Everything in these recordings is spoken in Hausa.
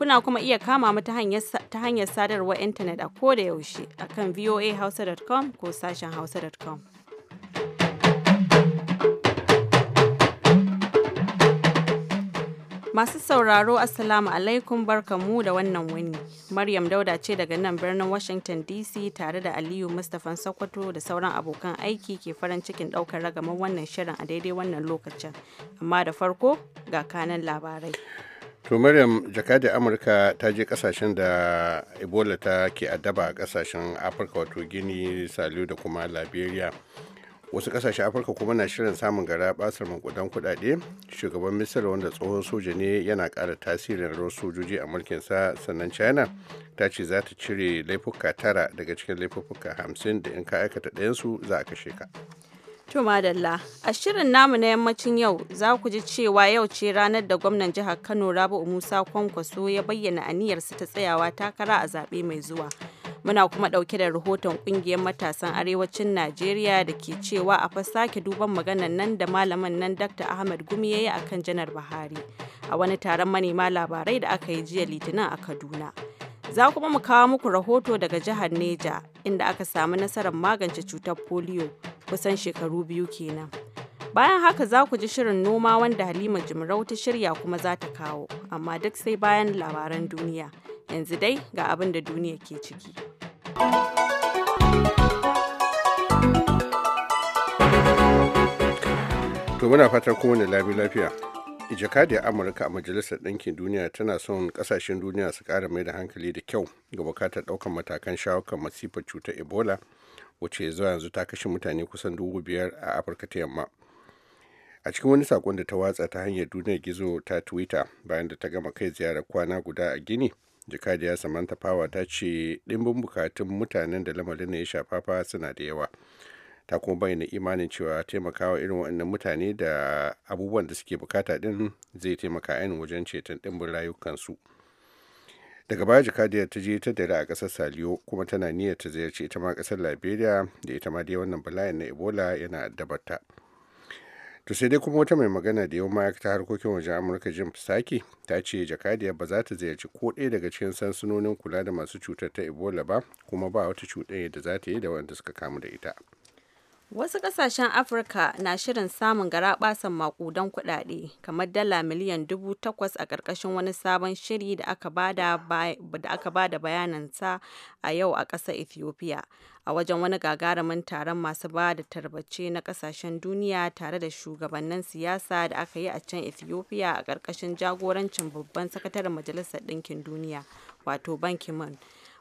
Kuna kuma iya kama mu ta hanyar sadarwar intanet a koda yaushe a kan voahausa.com ko sashen hausa.com. Masu sauraro Assalamu alaikum barkamu da wannan wuni. Maryam Dauda ce daga nan birnin Washington DC tare da Aliyu mustafan Sokoto da sauran abokan aiki ke farin cikin daukar ragamar wannan shirin a daidai wannan lokacin. Amma da farko ga kanan labarai. to maryam jakadi amurka ta je kasashen da ebola ta ke addaba a kasashen afirka wato gini saliyo da kuma liberia wasu kasashen afirka kuma na shirin samun gara basar mankudan kudade shugaban misir wanda tsohon soja ne yana kara tasirin ruwan sojoji a mulkinsa sannan china ta ce za ta cire laifuka tara daga cikin laifuka hamsin da in ka aikata ɗayansu za a kashe ka To madalla, a shirin namu na yammacin yau za ku ji cewa yau ce ranar da gwamnan jihar Kano Rabi'u Musa Kwankwaso ya bayyana aniyarsa ta tsayawa takara a zaɓe mai zuwa. Muna kuma ɗauke da rahoton ƙungiyar matasan arewacin Najeriya da ke cewa a fa sake duban maganan nan da malamin nan Dr. Ahmad Gumi ya yi kan Janar Buhari a wani taron manema labarai da aka yi jiya Litinin a Kaduna. Za kuma mu kawo muku rahoto daga jihar Neja inda aka samu nasarar magance cutar polio kusan shekaru biyu kenan. Bayan haka za ku ji shirin noma wanda Halima Jimarau ta shirya kuma za ta kawo, amma duk sai bayan labaran duniya. Yanzu dai ga abin da duniya ke ciki. To muna fatan kowane labi lafiya. jakadiyar amurka a majalisar ɗinkin duniya tana son ƙasashen duniya su ƙara mai da hankali da kyau ga bukatar ɗaukar matakan shawo kan masifar cutar ebola wacce zuwa yanzu ta kashe mutane kusan dubu biyar a afirka ta yamma a cikin wani saƙon da ta watsa ta hanyar duniyar gizo ta twitter bayan da ta gama kai ziyarar kwana guda a gini jakadiyar samantha power ta ce ɗimbin bukatun mutanen da lamarin ya shafa suna da yawa ta kuma bayyana imanin cewa taimakawa irin waɗannan mutane da abubuwan da suke bukata din zai taimaka ainihin wajen ceton ɗimbin rayukansu daga baya jakadiyar ta je ta dare a kasar saliyo kuma tana niyyar ta ziyarci ita ma ƙasar liberia da ita ma dai wannan bala'in na ebola yana dabarta to sai dai kuma wata mai magana da yawan ma'aikata harkokin wajen amurka jim saki ta ce jakadiyar ba za ta ziyarci ko ɗaya daga cikin sansunonin kula da masu cutar ta ebola ba kuma ba wata cuɗanya da za ta yi da waɗanda suka kamu da ita Wasu ƙasashen Afirka na shirin samun garaɓasan makudan kuɗaɗe kamar dala miliyan dubu takwas a ƙarƙashin wani sabon shiri da aka bada bayanansa a yau a ƙasar Ethiopia a wajen wani gagarumin taron masu ba da tarbace na ƙasashen duniya tare da shugabannin siyasa da aka yi a can Ethiopia a ƙarƙashin jagorancin babban sakataren Majalisar Ɗinkin Duniya wato Ban Ki-moon.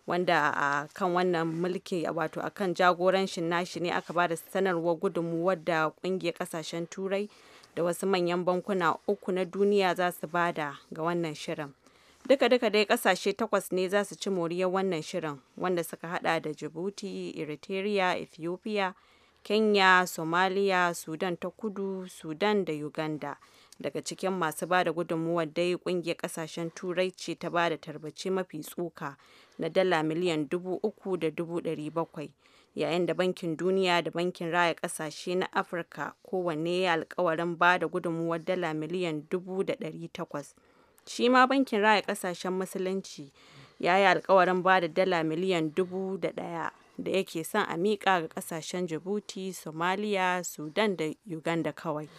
wanda a kan wannan mulki wato a kan jagorancin nashi ne aka ba da sanarwar gudunmuwar da kungiyar kasashen turai da wasu manyan bankuna uku na duniya za su bada ga wannan shirin duka-duka dai kasashe takwas ne za su ci moriyar wannan shirin wanda suka hada da jibuti eritrea ethiopia kenya somalia sudan ta kudu sudan da uganda daga cikin masu ba da gudunmuwar dai kungiyar kasashen turai ce ta ba da tarbace mafi tsoka na dala miliyan dubu uku da dubu ɗari bakwai yayin da bankin duniya da bankin raya kasashe na afirka kowanne ya alkawarin ba da gudunmuwar dala miliyan dubu da ɗari takwas shi ma bankin raya kasashen musulunci ya yi alkawarin ba da dala miliyan dubu da ɗaya da yake son a miƙa ga ƙasashen Djibouti, Somalia, Sudan da Uganda kawai.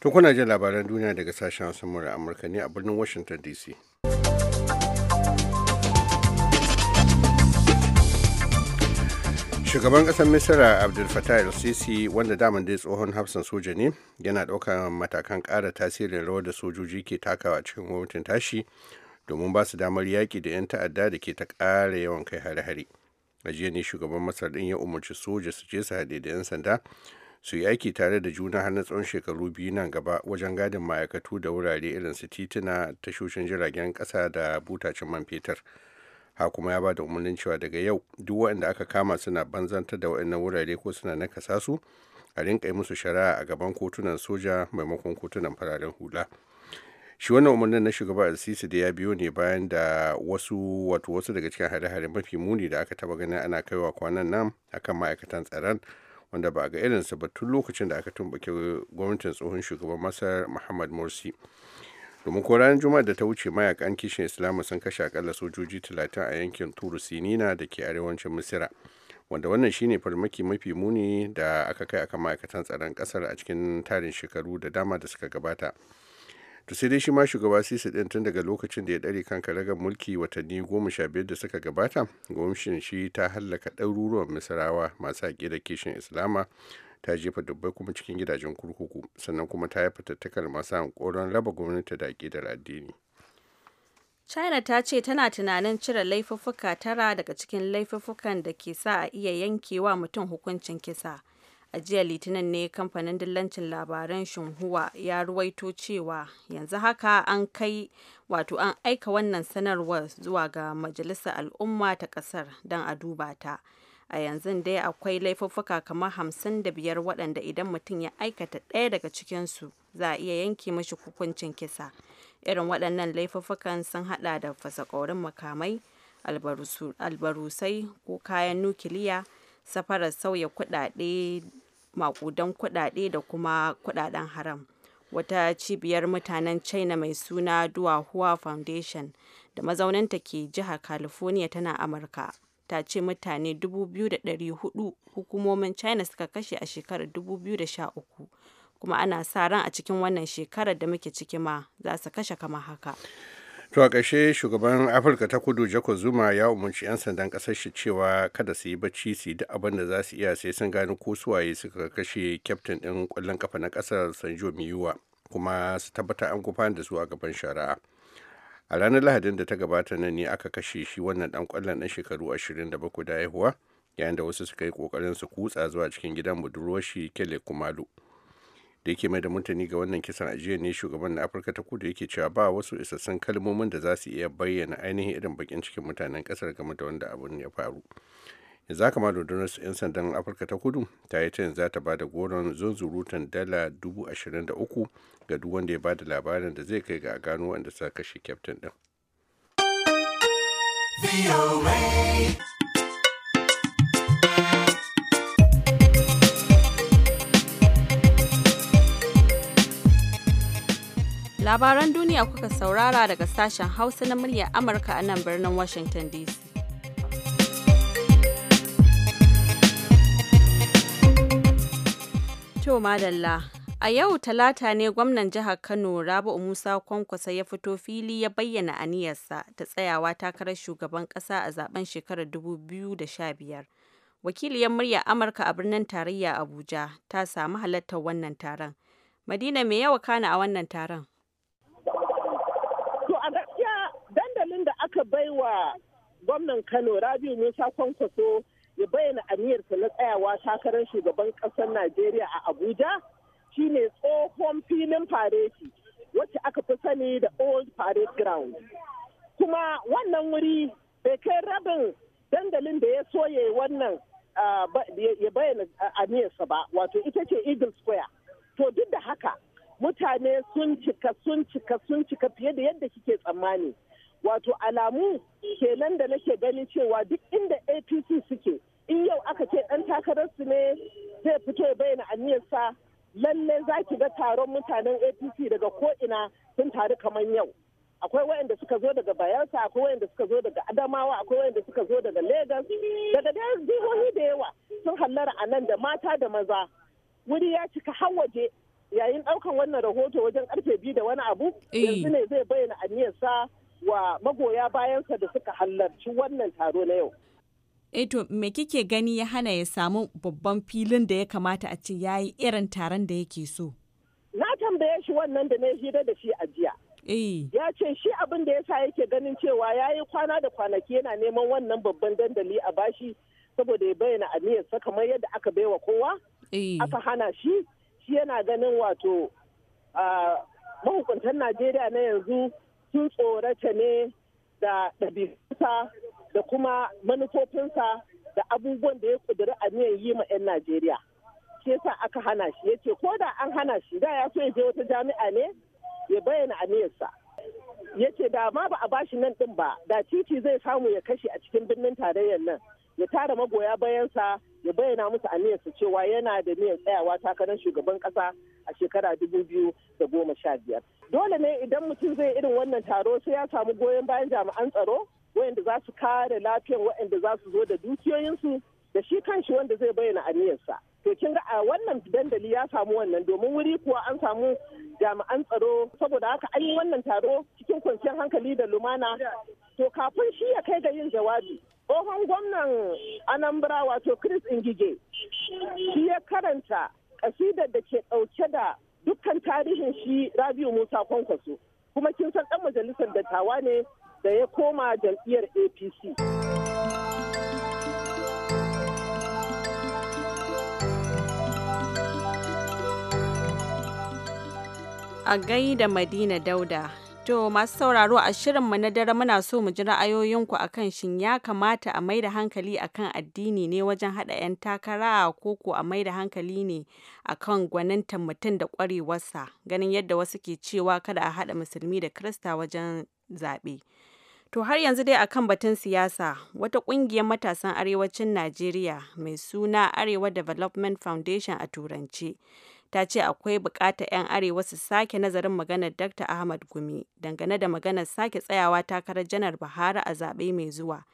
To kuna jin labaran duniya daga sashen Hausa Amurka ne a birnin Washington DC. shugaban ƙasar misira abdul fattah el-sisi wanda daman dai tsohon hafsan soja ne yana ɗaukar matakan kara tasirin rawar da sojoji ke takawa cikin gwamnatin tashi domin ba su damar yaƙi da 'yan ta'adda da ke ta ƙara yawan kai hare-hare a jiya ne shugaban masar ɗin ya umarci soja su je su haɗe da 'yan sanda su yi aiki tare da juna har na tsawon shekaru biyu nan gaba wajen gadin ma'aikatu da wurare irin su tituna tashoshin jiragen kasa da butacin man fetur ha kuma ya ba da umarnin cewa daga yau duk waɗanda aka kama suna banzantar da waɗannan wurare ko suna nakasa su a rinka musu shari'a a gaban kotunan soja maimakon kotunan fararen hula shi wannan umarnin na shugaba alsisi da ya biyo ne bayan da wasu wato wasu daga cikin hare-hare mafi muni da aka taba ganin ana kaiwa kwanan nan akan ma'aikatan tsaron wanda ba ga irinsa ba tun lokacin da aka tumbake gwamnatin tsohon shugaban masar muhammad morsi domin ko ranar juma'a da ta wuce mayakan kishin islamu sun kashe akalla sojoji talatin a yankin turu da ke arewacin misira wanda wannan shine farmaki mafi muni da aka kai aka ma'aikatan tsaron kasar a cikin tarin shekaru da dama da suka gabata to sai dai shi ma shugaba sisi din tun daga lokacin da ya dare kan karagar mulki watanni goma sha biyar da suka gabata gwamnatin shi ta hallaka ɗaruruwan misrawa masu haƙi da kishin islama ta jefa dubbai kuma cikin gidajen kurkuku sannan kuma ta yi fatattakar masu hankoron raba gwamnati da aƙidar addini china ta ce tana tunanin cire laifuffuka tara daga cikin laifuffukan da ke sa a iya yankewa mutum hukuncin kisa a jiya litinin ne kamfanin dillancin labaran shinhuwa ya ruwaito cewa yanzu haka an kai wato an aika wannan sanarwar zuwa ga majalisar al'umma ta kasar don a duba ta a yanzu dai akwai laifuffuka kamar hamsin da biyar waɗanda idan mutum ya aikata ɗaya daga cikinsu za a iya yanke mashi hukuncin kisa irin waɗannan laifuffukan sun haɗa da fasakorin makamai albarusai ko kayan nukiliya safarar sauya kuɗaɗe makudan kuɗaɗe da kuma kuɗaɗen haram. Wata cibiyar mutanen China mai suna Duwahua Foundation da mazauninta ke jihar California tana Amurka. Ta ce mutane 2,400 hukumomin China suka kashe a shekarar 2013 kuma ana sa ran a cikin wannan shekarar da muke ciki ma za su kashe kama haka. to a ƙarshe shugaban afirka ta kudu jako zuma ya umarci 'yan sandan ƙasar shi cewa kada su yi bacci su duk abin da za su iya sai sun gani ko suwaye suka kashe kyaftin ɗin ƙwallon kafa na ƙasar sanjo miyuwa kuma su tabbata an gufan da su a gaban shari'a a ranar lahadin da ta gabata nan ne aka kashe shi wannan ɗan ƙwallon ɗan shekaru 27 da haihuwa yayin da wasu suka yi ƙoƙarin su kutsa zuwa cikin gidan budurwar shi kele kumalo da yake mai da martani ga wannan kisan ajiyar ne shugaban na afirka ta kudu yake cewa ba wasu isassun kalmomin da za su iya bayyana ainihin irin bakin cikin mutanen kasar game da wanda abin ya faru yanzu kama su 'yan sandan afirka ta kudu ta yi tayin za ta ba da goron zunzurutan dala dubu ashirin da uku ga duk wanda ya ba da labarin da zai kai ga a gano wanda sa kashe kyaftin din. Labaran duniya kuka saurara daga sashen Hausa na murya Amurka a nan birnin Washington DC. To madalla, a yau talata ne gwamnan jihar Kano Rabi'u Musa Kwankwasa ya fito fili ya bayyana aniyarsa ta tsayawa takarar shugaban ƙasa a zaben shekarar 2015. wakiliyar Murya amurka a birnin tarayya abuja ta samu halartar wannan taron madina mai yawa kana a wannan taron wa gwamnan Kano Rabiu Musa Kwankwaso ya bayyana aniyarsa na tsayawa takarar shugaban ƙasar Najeriya a Abuja shine tsohon filin fareti wacce aka fi sani da Old Parade Ground. Kuma wannan wuri bai kai rabin dandalin da ya soye wannan ya bayyana aniyarsa ba wato ita ce Eagle Square. To duk da haka mutane sun cika sun cika sun cika fiye da yadda kike tsammani. wato alamu kenan da nake gani cewa duk inda apc suke in yau aka ce dan takararsu ne zai fito bai na aniyarsa lalle za ki ga taron mutanen apc daga ko'ina sun taru kamar yau akwai wayanda suka zo daga bayelsa akwai wayanda suka zo daga adamawa akwai wayanda suka zo daga lagos daga jihohi da yawa sun hallara a nan da mata da maza wuri ya cika har waje yayin daukan wannan rahoto wajen karfe biyu da wani abu eh. yanzu ne zai bayyana aniyarsa wa magoya bayansa da suka halarci wannan taro na yau. Eto eh me kike gani ya hana ya samu babban filin da ya kamata a ce ya yi irin taron da yake so? Na tambaye shi wannan da na hira da shi a jiya. Eh. Ya ce shi abin da ya sa yake ganin cewa ya yi kwana da kwanaki yana neman wannan babban dandali a bashi saboda ya bayyana aniyarsa kamar yadda aka baiwa kowa. Eh. Aka hana shi, shi yana ganin wato ah, mahukuntan Najeriya na yanzu sun tsorata ne da ɗabi'unsa da kuma manufofinsa da abubuwan da ya ƙudiri a niyan yi ma 'yan Najeriya. Shi yasa aka hana shi yace ko da an hana shi da ya so ya je wata jami'a ne ya bayyana aniyarsa. Ya ce da ma ba a bashi nan ɗin ba da titi zai samu ya kashe a cikin birnin tarayyar nan ya tara magoya bayansa ya bayyana musu aniyarsa cewa yana da niyyar tsayawa takarar shugaban kasa a shekara dubu biyu da goma sha biyar. Dole ne idan mutum zai irin wannan taro sai ya samu goyon bayan jami'an tsaro wayanda za su kare lafiyar wayanda za su zo da dukiyoyinsu da shi kanshi wanda zai bayyana aniyarsa. To kin ga a wannan dandali ya samu wannan domin wuri kuwa an samu jami'an tsaro saboda haka an yi wannan taro cikin kwanciyar hankali da lumana. To kafin shi ya kai ga yin jawabi tsohon gwamnan anambra wato chris ingige shi ya karanta ƙasidar da ke ɗauke da dukkan tarihin shi rabiu musa kwankwaso kuma kin san ɗan majalisar dattawa ne da ya koma jam'iyyar apc a gaida madina dauda To masu sauraro a shirin mu na dare muna so mu ji ra'ayoyinku akan shin ya kamata a maida hankali akan addini ne wajen haɗa 'yan takara ko ko a maida hankali ne akan gwaninta mutum da ƙwarewarsa ganin yadda wasu ke cewa kada a haɗa musulmi da kirista wajen zaɓe. To har yanzu dai akan batun siyasa wata ƙungiyar matasan arewacin Najeriya mai suna Arewa Development Foundation a turance ta ce akwai bukatar 'yan arewa su sake nazarin maganar Dr. Ahmad Gumi dangane da maganar sake tsayawa takarar janar Buhari a zaɓe mai zuwa.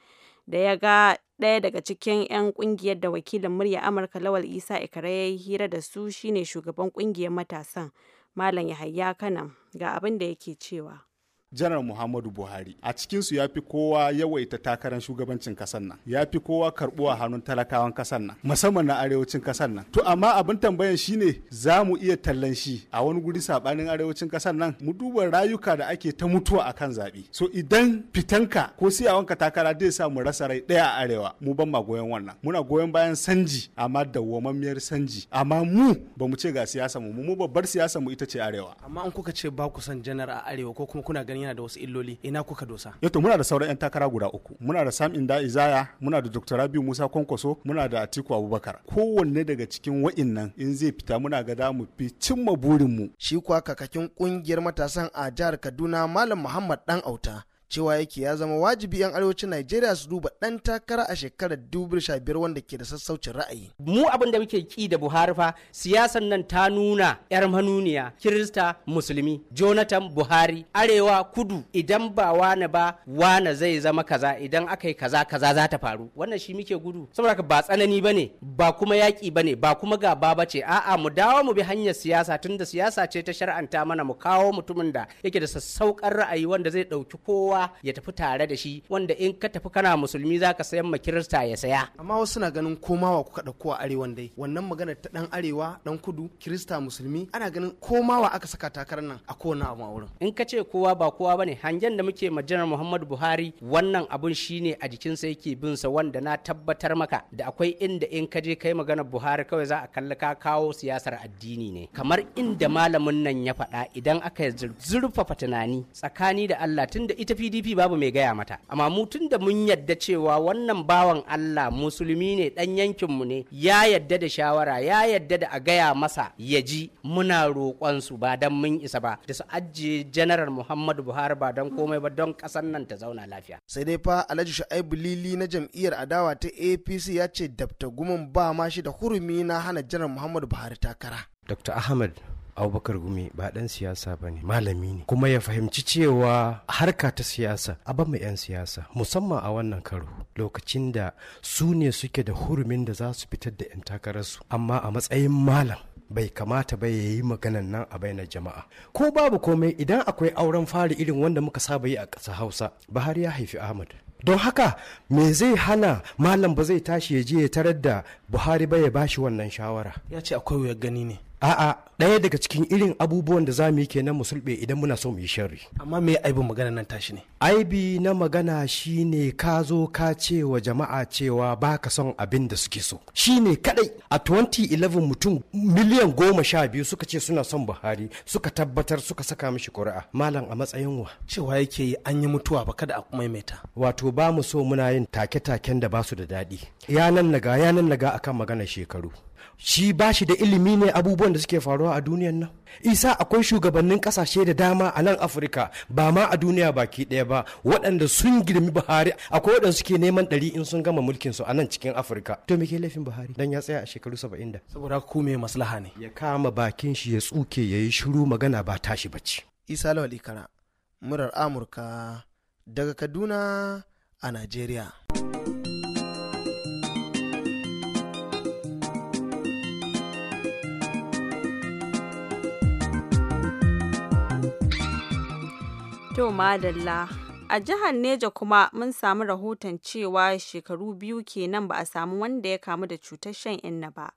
Da ya ga ɗaya daga cikin 'yan ƙungiyar da wakilin murya Amurka Lawal Isa Ikare ya yi hira da su shine shugaban ƙungiyar matasan Malam Yahaya Kanan ga abin da yake cewa. janar muhammadu buhari a cikinsu ya fi kowa yawaita takarar shugabancin kasar nan ya fi kowa karbuwa hannun talakawan kasar nan musamman na arewacin kasar nan to amma abin tambayan shine za mu iya tallan shi a wani guri sabanin arewacin kasar nan mu duba rayuka da ake ta mutuwa akan zaɓe so idan fitanka ko wanka takara zai sa mu rasa rai daya a arewa mu ban ma goyon wannan muna goyon bayan sanji amma dawwammamiyar sanji amma mu ba mu ce ga siyasa mu mu babbar siyasa mu ita ce arewa amma an kuka ce ba ku san janar a arewa ko kuma kuna ganin yana da wasu illoli ina kuka dosa yato muna da sauran yan takara guda uku muna da sam inda izaya muna da dr rabiu musa kwankwaso muna da atiku abubakar kowanne daga cikin wa'innan in zai fita muna ga da mu fi cimma burinmu shi kuwa kakakin kungiyar matasan a jihar kaduna malam muhammad dan auta cewa yake ya zama wajibi 'yan arewacin Najeriya su duba ɗan takara a shekarar 2015 wanda ke da sassaucin ra'ayi. Mu abin da muke ki da Buhari fa siyasan nan ta nuna 'yar manuniya Kirista Musulmi Jonathan Buhari Arewa Kudu idan ba wane ba wane zai zama kaza idan aka yi kaza kaza za ta faru wannan shi muke gudu saboda ba tsanani ba ne ba kuma yaƙi ba ne ba kuma gaba ba ce a'a mu dawo mu bi hanyar siyasa tunda siyasa ce ta shar'anta mana mu kawo mutumin da yake da sassaukar ra'ayi wanda zai ɗauki kowa ya tafi tare da shi wanda in ka tafi kana musulmi za ka sayan ma kirista ya saya amma wasu na ganin komawa kuka dauko a arewa dai wannan magana ta dan arewa dan kudu kirista musulmi ana ganin komawa aka saka takarar nan a kowane abu a wurin in ka ce kowa ba kowa ne hangen da muke majalar muhammadu buhari wannan abun shine a jikin jikinsa yake bin sa wanda na tabbatar maka da akwai inda in ka je kai magana buhari kawai za a kalli ka kawo siyasar addini ne kamar inda malamin nan ya faɗa idan aka zurfafa tunani tsakani da allah tunda ita fi pdp babu mai gaya mata amma mu tun da mun yadda cewa wannan bawan allah musulmi ne dan yankinmu ne ya yadda da shawara ya yadda da a gaya masa ya ji muna roƙon su ba dan mun isa ba da su ajiye janaral muhammadu buhari ba don komai ba don ƙasar nan ta zauna lafiya sai dai fa alhaji shu'aibu lili na jam'iyyar adawa ta apc ya ce dabta gumin ba ma shi da hurumi na hana janar muhammadu buhari takara dr Ahmed abubakar gumi ba dan siyasa ba ne malami ne kuma ya fahimci cewa harka ta siyasa abin mu 'yan siyasa musamman a wannan karo lokacin da su ne suke da hurumin da za su fitar da 'yan takararsu amma a matsayin malam bai kamata ba ya yi maganan nan a bainar jama'a ko babu komai idan akwai auren fari irin wanda muka saba yi a ƙasa hausa bahari ya haifi ahmad don haka me zai hana malam ba zai tashi ya je ya tarar da buhari ba ya bashi wannan shawara ya ce akwai wuyar gani ne a'a ɗaya daga cikin irin abubuwan da za mu yi kenan mu sulɓe idan muna so mu yi sharri amma me aibin magana nan tashi ne aibi na magana shine ka zo ka ce wa jama'a cewa ba ka son abin da suke so shine kadai a 2011 mutum miliyan goma sha biyu suka ce suna son buhari suka tabbatar suka saka mishi kuri'a malam a matsayin wa cewa yake yi an yi mutuwa ba kada a maimaita wato ba mu so muna yin take-taken da ba su da daɗi yanan naga yanan naga akan maganar shekaru shi ba shi da ilimi ne abubuwan da suke faruwa a duniyan nan isa akwai shugabannin kasashe da dama a nan afirka ba ma a duniya baki ɗaya ba waɗanda sun girmi buhari akwai waɗanda suke neman ɗari in sun gama mulkin su a nan cikin afirka to me ke laifin buhari dan ya tsaya a shekaru saba'in da saboda ku me maslaha ne ya kama bakin shi ya tsuke ya yi shiru magana ba tashi bace. isa lawal ikara murar amurka daga kaduna a najeriya To madalla. A jihar Neja kuma mun samu rahoton cewa shekaru biyu kenan ba a samu wanda ya kamu da cutar shan inna ba.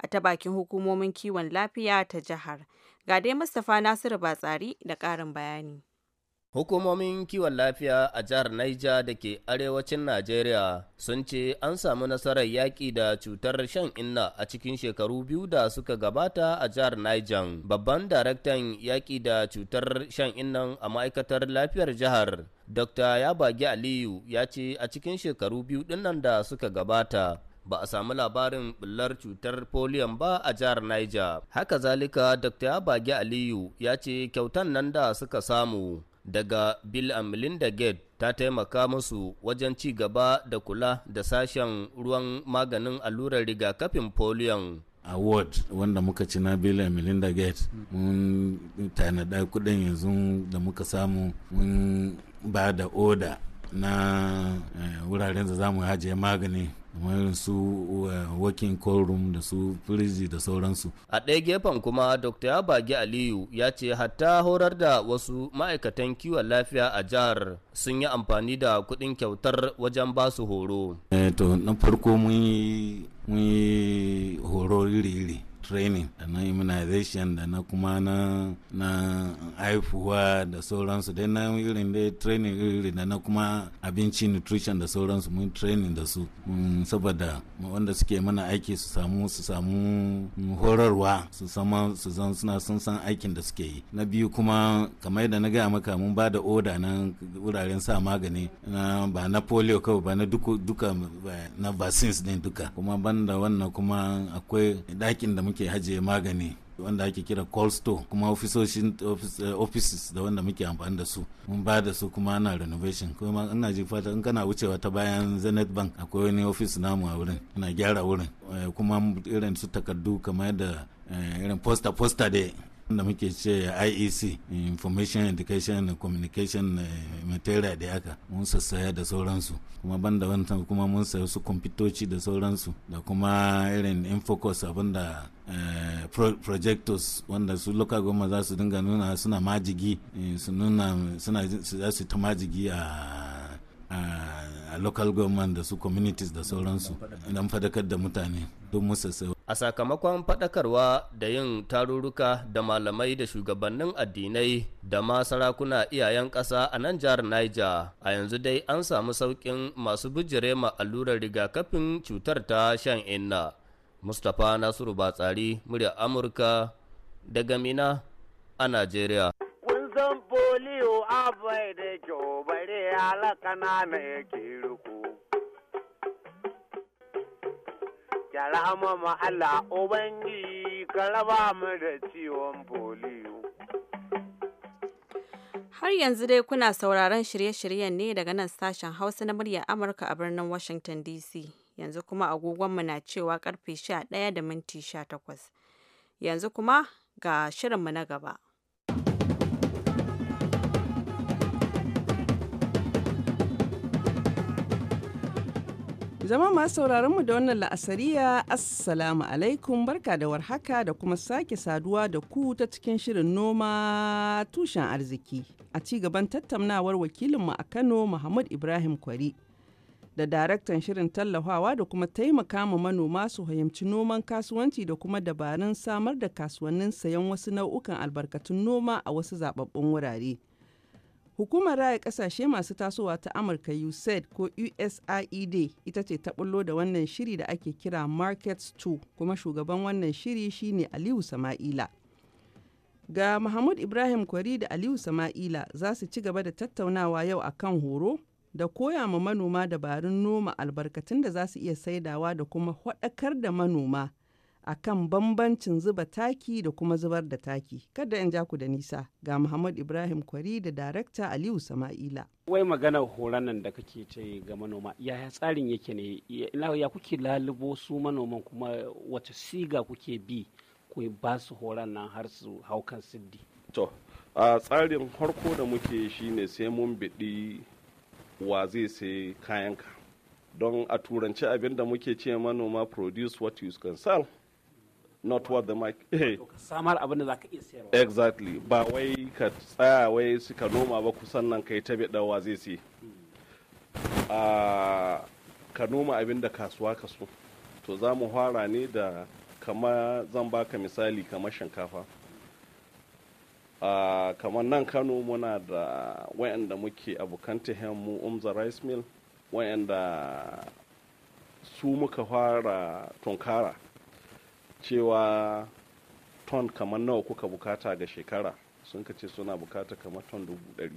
A ta bakin hukumomin kiwon lafiya ta jihar. Ga dai Mustapha Nasiru Batsari da ƙarin bayani. Hukumomin kiwon lafiya a jihar Niger da ke arewacin Najeriya sun ce an samu nasarar yaƙi da cutar shan inna a cikin shekaru biyu da suka gabata a jihar Niger. Babban daraktan yaƙi da cutar shan innan a ma'aikatar lafiyar jihar, Dr. Yabagi Aliyu ya ce a cikin shekaru biyu dinnan da suka gabata. ba a samu labarin bullar cutar polion ba a jihar Niger. Haka zalika Dr. Abagi Aliyu ya ce kyautan nan da suka samu daga Bill and Melinda Gates ta taimaka musu wajen ci gaba da kula da sashen ruwan maganin allurar rigakafin polion. award wanda muka ci na bill and melinda gates mun tanada kudin yanzu da muka samu mun ba da oda na eh, wuraren da za mu hajiye magani kamar su eh, working call room da su firiji da sauransu. A ɗaya gefen kuma Dr. Yabagi Aliyu ya ce hatta horar da wasu ma'aikatan kiwon lafiya a jihar sun yi amfani da kuɗin kyautar wajen ba su horo. Eh, to na farko mun yi horo iri-iri. training da na immunization da na kuma na na haifuwa da sauransu dai na irin dai training irin da na kuma abinci nutrition da sauransu mun training da su mm, saboda wanda suke mana aiki su samu su samu horarwa su sama su zan suna sun san aikin da suke yi na biyu kuma kamar da na gaya maka mun ba da oda na wuraren sa magani na ba na polio kawai ba na duka na vaccines din duka kuma banda wannan kuma akwai dakin da muke ake ajiye magani wanda ake kira call store kuma ofisoshin eh, offices da wanda muke amfani da su mun ba da su kuma ana renovation kuma ina ji fata in kana wucewa ta bayan zenith bank akwai wani office namu a wurin ana gyara wurin eh, kuma irin su takardu kamar da eh, irin poster poster da da muke ce IEC Information Education and Communication eh, Material da aka mun sassaya da sauransu kuma banda wantan kuma mun sayi su kwamfutoci da sauransu da kuma irin infocus abinda eh, projectors wanda su local goma za su dinga nuna suna majigi eh, su nuna suna za su ta majigi a local government da su communities da sauransu don fadakar da mutane don a sakamakon faɗakarwa da yin tarurruka da malamai da shugabannin addinai da ma sarakuna iyayen ƙasa a nan jihar Niger a yanzu dai an samu sauƙin masu bijire ma allurar rigakafin cutar ta shan inna Mustapha Nasiru Batsari murya Amurka daga Mina a Najeriya. zan foliyo abai da kyau bare alaka na na yake ruku. Kyara Allah Ubangiji ka raba mu da ciwon foliyo. Har yanzu dai kuna sauraron shirye-shiryen ne daga nan sashen Hausa na muryar Amurka a birnin Washington DC. Yanzu kuma agogonmu na cewa karfe 11 da minti 18. Yanzu kuma ga shirinmu na gaba. zama masu sauraron mu da wannan la'asariya Assalamu alaikum barka da warhaka da kuma sake saduwa da ku ta cikin shirin noma tushen arziki a ci gaban tattaunawar wakilinmu a Kano Muhammad Ibrahim Kwari da daraktan shirin tallafawa da kuma taimaka ma manoma su fahimci noman kasuwanci da kuma dabarun samar da kasuwannin sayan wasu nau'ukan albarkatun noma a wasu zababbun wurare. Hukumar Raya Kasashe Masu Tasowa ta Amurka USAID ko USAID e ita ce ta bullo da wannan shiri da ake kira Markets 2 kuma shugaban wannan shiri shine Aliyu Sama'ila. Ga Mahmud Ibrahim Kwari da Aliyu Sama'ila za su ci gaba da tattaunawa yau a kan horo da koya ma manoma dabarun noma albarkatun da za su iya saidawa da kuma da manoma akan bambancin zuba taki da kuma zubar da taki. Kada in ja ku da nisa ga Muhammad Ibrahim Kwari da Darakta Aliyu Sama'ila. Wai maganar horon nan da kake ce ga manoma, yaya tsarin yake ne? Ya kuke lalubo su manoman kuma wata siga kuke bi ku ba su horon nan har su hau kan siddi? To, a tsarin harko da muke shi ne sai mun biɗi wa zai sai kayanka. Don a turanci abin da muke ce manoma produce what you can sell. not what the market eh. samar abin da zaka iya sayarwa exactly ba wai ka tsaya wai suka noma ba kusan nan kai ta wa zai sai hmm. ah, ka noma abin da kasuwa ka so to za mu fara ne da kama zan baka misali kamar shinkafa Uh, kamar nan kano muna da wayanda muke abokan mu umza rice mill wayanda su muka fara tunkara cewa ton kamar nawa kuka bukata ga shekara sun ka ce suna bukata kamar ton dubu ɗari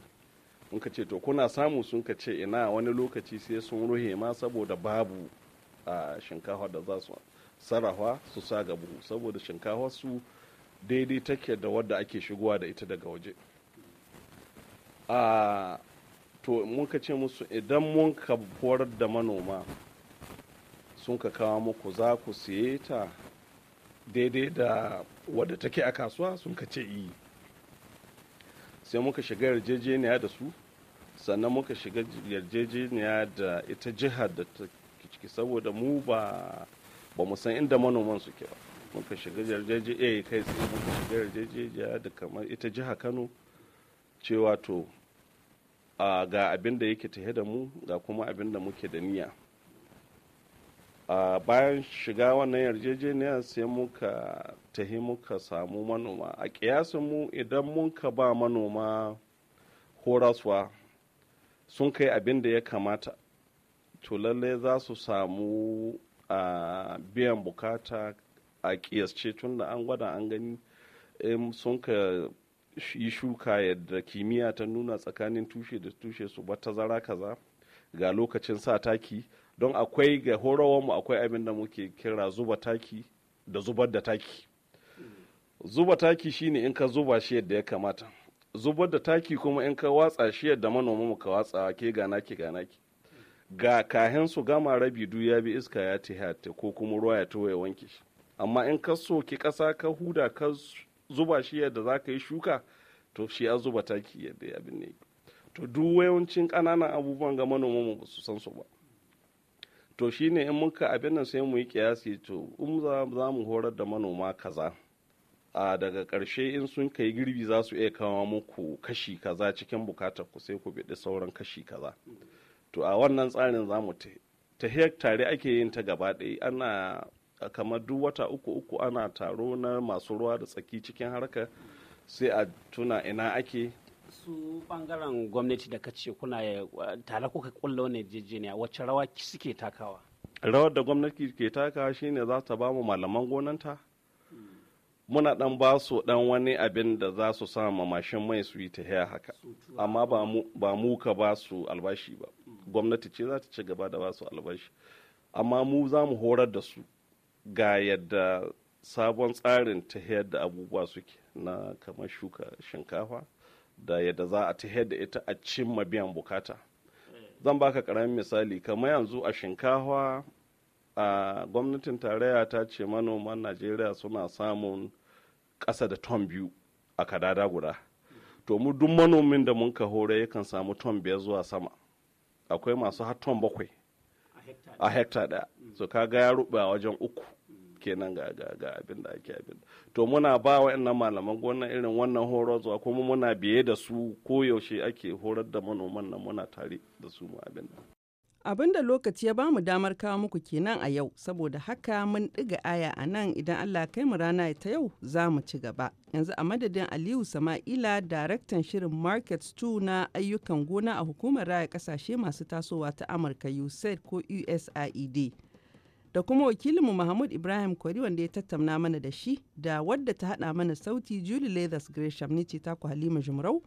sun ka ce to kuna samu sun ka ce ina wani lokaci sai sun ruhe ma saboda babu a shinkafa da za su sarrafa su sa ga buhu saboda shinkafa su daidai take da wadda ake shigowa da ita daga waje a to ka ce musu idan mun ka horar da manoma sun ka kawo muku za ku siye ta daidai da wadda take a kasuwa sun kace yi sai muka shiga yarjejeniya da su sannan muka shiga yarjejeniya da ita jihar da ta ciki saboda mu ba ba mu san inda manoman suke ba muka shiga yarjejeniya eh, kai sai muka shiga yarjejeniya da kamar ita jihar kano cewa to ga abin da yake tahe da mu ga kuma abin da muke da niyya a bayan shiga wannan yarjejeniya sai muka tahi muka samu manoma a kiyasin mu idan muka ba manoma horaswa sun kai abin da ya kamata to lalle za su samu a biyan bukata a kiyasce tun da an gwada an gani sun ka yi shuka yadda kimiyya ta nuna tsakanin tushe da tushe su ba tazara kaza ga lokacin sa taki don akwai ga horowarmu akwai abin da muke kira zuba taki da zubar da taki zuba taki shine in ka zuba shi yadda ya kamata zubar da taki kuma in ka watsa shi yadda manoma ka watsa ke gana ki gana ki ga kahin su gama rabi du ya bi iska ya tihata ko kuma ruwa ya tawaye wanke shi amma in ka soki kasa ka huda ka zuba shi yadda za ka yi shuka to shi ya zuba taki yadda ya ne to duk yawancin ƙananan abubuwan ga manoma ba su san su ba to shine in muka abin nan sai mu yi kiyasi to in za mu horar da manoma kaza a daga ƙarshe in sun kai girbi za su iya kawo muku kashi kaza cikin bukatar ku sai ku biɗi sauran kashi kaza to a wannan tsarin za mu ta tare ake yin ta gaba ɗaya ana kamar duk wata uku uku ana taro na masu ruwa da tsaki cikin harka sai a tuna ina ake su bangaren gwamnati da kace kuna tare kuka kulla yarjejeniya wacce rawa suke takawa rawar da gwamnati ke takawa shine za ta ba mu malaman gonanta muna dan ba su dan wani abin da za su sa ma mashin mai su yi ta haya haka amma ba mu ka ba su albashi ba gwamnati ce za ta ci gaba da ba su albashi amma mu za mu horar da su ga yadda sabon tsarin ta da abubuwa suke na kamar shuka shinkafa da yadda za a ta da ita a cimma biyan bukata zan baka karamin misali kamar yanzu a shinkawa a gwamnatin tarayya ta ce manoman najeriya suna samun ƙasa da ton biyu a kadada guda to mu duk manomin da mun ka hore yakan samu ton biyar zuwa sama akwai masu har bakwai a hekta ɗaya so ka ga ya ruɓa wajen uku kenan ga ga abin da ake abin to muna ba wa'annan malaman gona irin wannan zuwa kuma muna biye da su koyaushe ake horar da manoman nan muna tare da su mu abin da. abin da lokaci ya ba mu damar kawo muku kenan a yau saboda haka mun ɗiga aya a nan idan Allah kai mu rana ta yau za mu ci gaba yanzu a madadin Aliyu Sama'ila daraktan shirin Markets 2 na ayyukan gona a hukumar raya kasashe masu tasowa ta Amurka USAID ko USAID da kuma wakilinmu Mahmud Ibrahim Kwari wanda ya tattauna mana da shi da wadda ta hada mana sauti Julie Leathers Gresham ni ce taku Halima Jumrau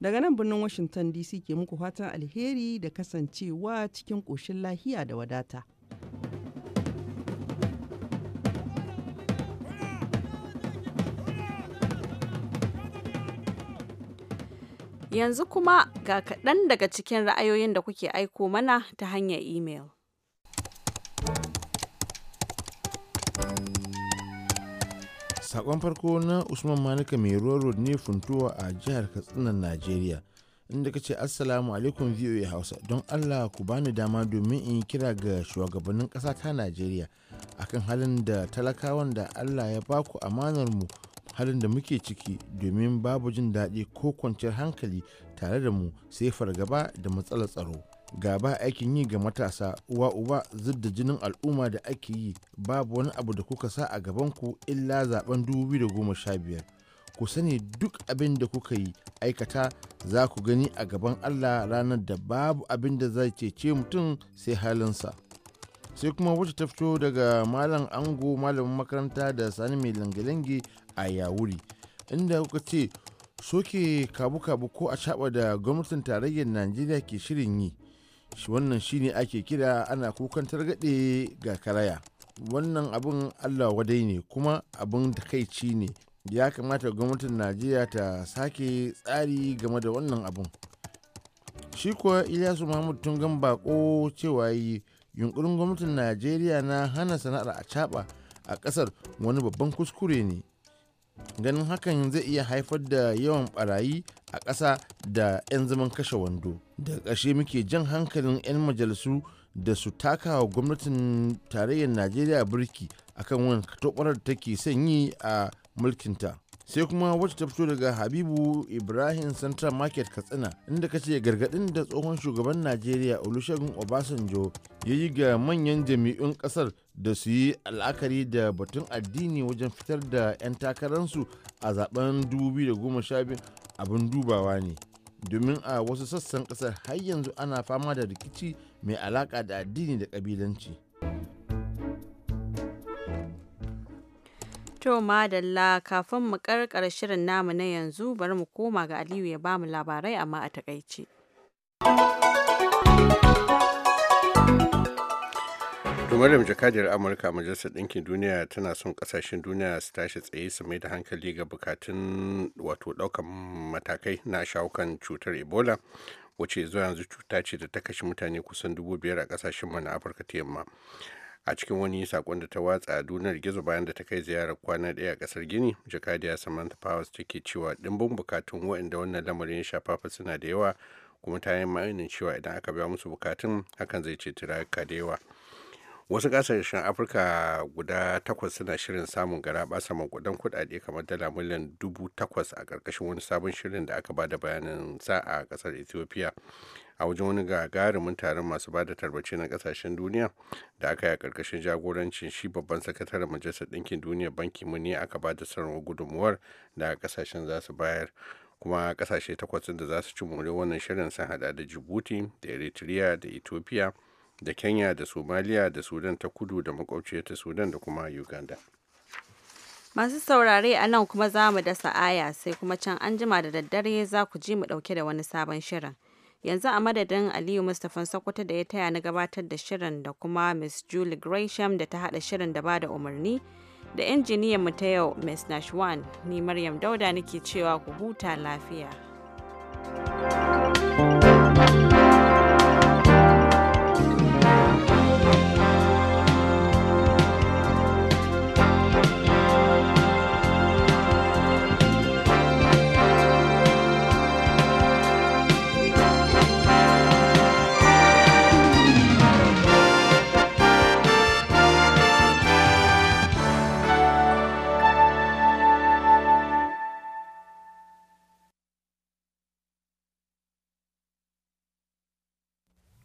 daga nan birnin Washington DC ke muku fatan alheri da kasancewa cikin koshin lahiya da wadata. Yanzu kuma ga kaɗan daga cikin ra'ayoyin da kuke aiko mana ta hanyar imel. sakon farko na usman manika mai roro ne funtuwa a jihar katsina nigeria inda ka ce assalamu alaikum voa hausa don allah ku bani dama domin in kira ga shugabannin ƙasa ta najeriya akan halin da talakawan da allah ya baku amanar mu halin da muke ciki domin babu jin daɗi ko kwanciyar hankali tare da mu sai fargaba da matsalar tsaro gaba aikin yi ga matasa uwa uba zidda jinin al'umma da ake yi babu wani abu da kuka sa a gaban ku illa zaben 2015 ku sani duk abin da kuka yi aikata za ku gani a gaban allah ranar da babu abin da zai cece mutum sai halinsa sai kuma wacce ta fito daga malam ango malamin makaranta da sani mai langilangi a yawuri inda kuka ce soke kabu-kabu ko a da gwamnatin tarayyar najeriya ke shirin yi shi wannan shine ake kira ana kukan targaɗe ga karaya wannan abin allah wadai ne kuma abin takaici ne ya kamata gwamnatin najeriya ta sake tsari game da wannan abin shi kuwa ilyasu mahmud gan bako cewa yi yunkurin gwamnatin najeriya na hana sana'ar a caba a ƙasar wani babban kuskure ne ganin hakan zai iya haifar da yawan barayi a ƙasa da 'yan zaman kashe wando da ƙarshe muke jan hankalin 'yan majalisu da su taka wa gwamnatin tarayyar najeriya birki akan wani katobarar da take son yi a mulkinta sai kuma wacce ta fito daga habibu ibrahim central market katsina inda kace gargadin da tsohon shugaban najeriya olusegun obasanjo ya yi ga manyan jami'un kasar da su yi al'akari da batun addini wajen fitar da 'yan takararsu a zaben 2012 abin dubawa ne domin a wasu sassan kasar har yanzu ana fama da rikici mai alaka da addini da kabilanci. To madalla kafin mu karkar shirin namu na yanzu bari mu koma ga Aliyu ya bamu labarai amma a takaice. to da jakadiyar amurka majalisar ɗinkin duniya tana son ƙasashen duniya su tashi tsaye su mai da hankali ga bukatun wato ɗaukan matakai na shawukan cutar ebola wacce zuwa yanzu cuta ce da ta kashe mutane kusan dubu biyar a ƙasashen mana afirka ta yamma a cikin wani sakon da ta watsa a duniyar gizo bayan da ta kai ziyarar kwana ɗaya a kasar gini jakadiya samantha powers take cewa ɗimbin bukatun waɗanda wannan lamarin ya shafafa suna da yawa kuma ta yi ma'anin cewa idan aka biya musu bukatun hakan zai ce tiraka da yawa wasu ƙasashen afirka guda takwas suna shirin samun gara sama gudan kudade kamar dala miliyan dubu takwas a karkashin wani sabon shirin da aka bada bayanin sa a kasar ethiopia a wajen wani gagarumin taron masu bada tarbace na kasashen duniya da aka yi a karkashin jagorancin shi babban sakataren majalisar ɗinkin duniya banki muni aka bada sanarwar gudunmuwar da kasashen za su bayar kuma kasashe takwas da za su ci wannan shirin sun hada da jibuti da eritrea da ethiopia da kenya da somaliya da sudan ta kudu da makwabciyar ta sudan da kuma uganda masu saurare a nan kuma za mu dasa aya sai kuma can an jima da daddare za ku ji mu dauke da wani sabon shirin yanzu a madadin aliyu mustapha sokoto da ya taya na gabatar da shirin da kuma miss julie gresham da ta hada shirin da ba da umarni da injiniyan mu ta yau miss nashwan ni maryam dauda nake cewa ku huta lafiya thank you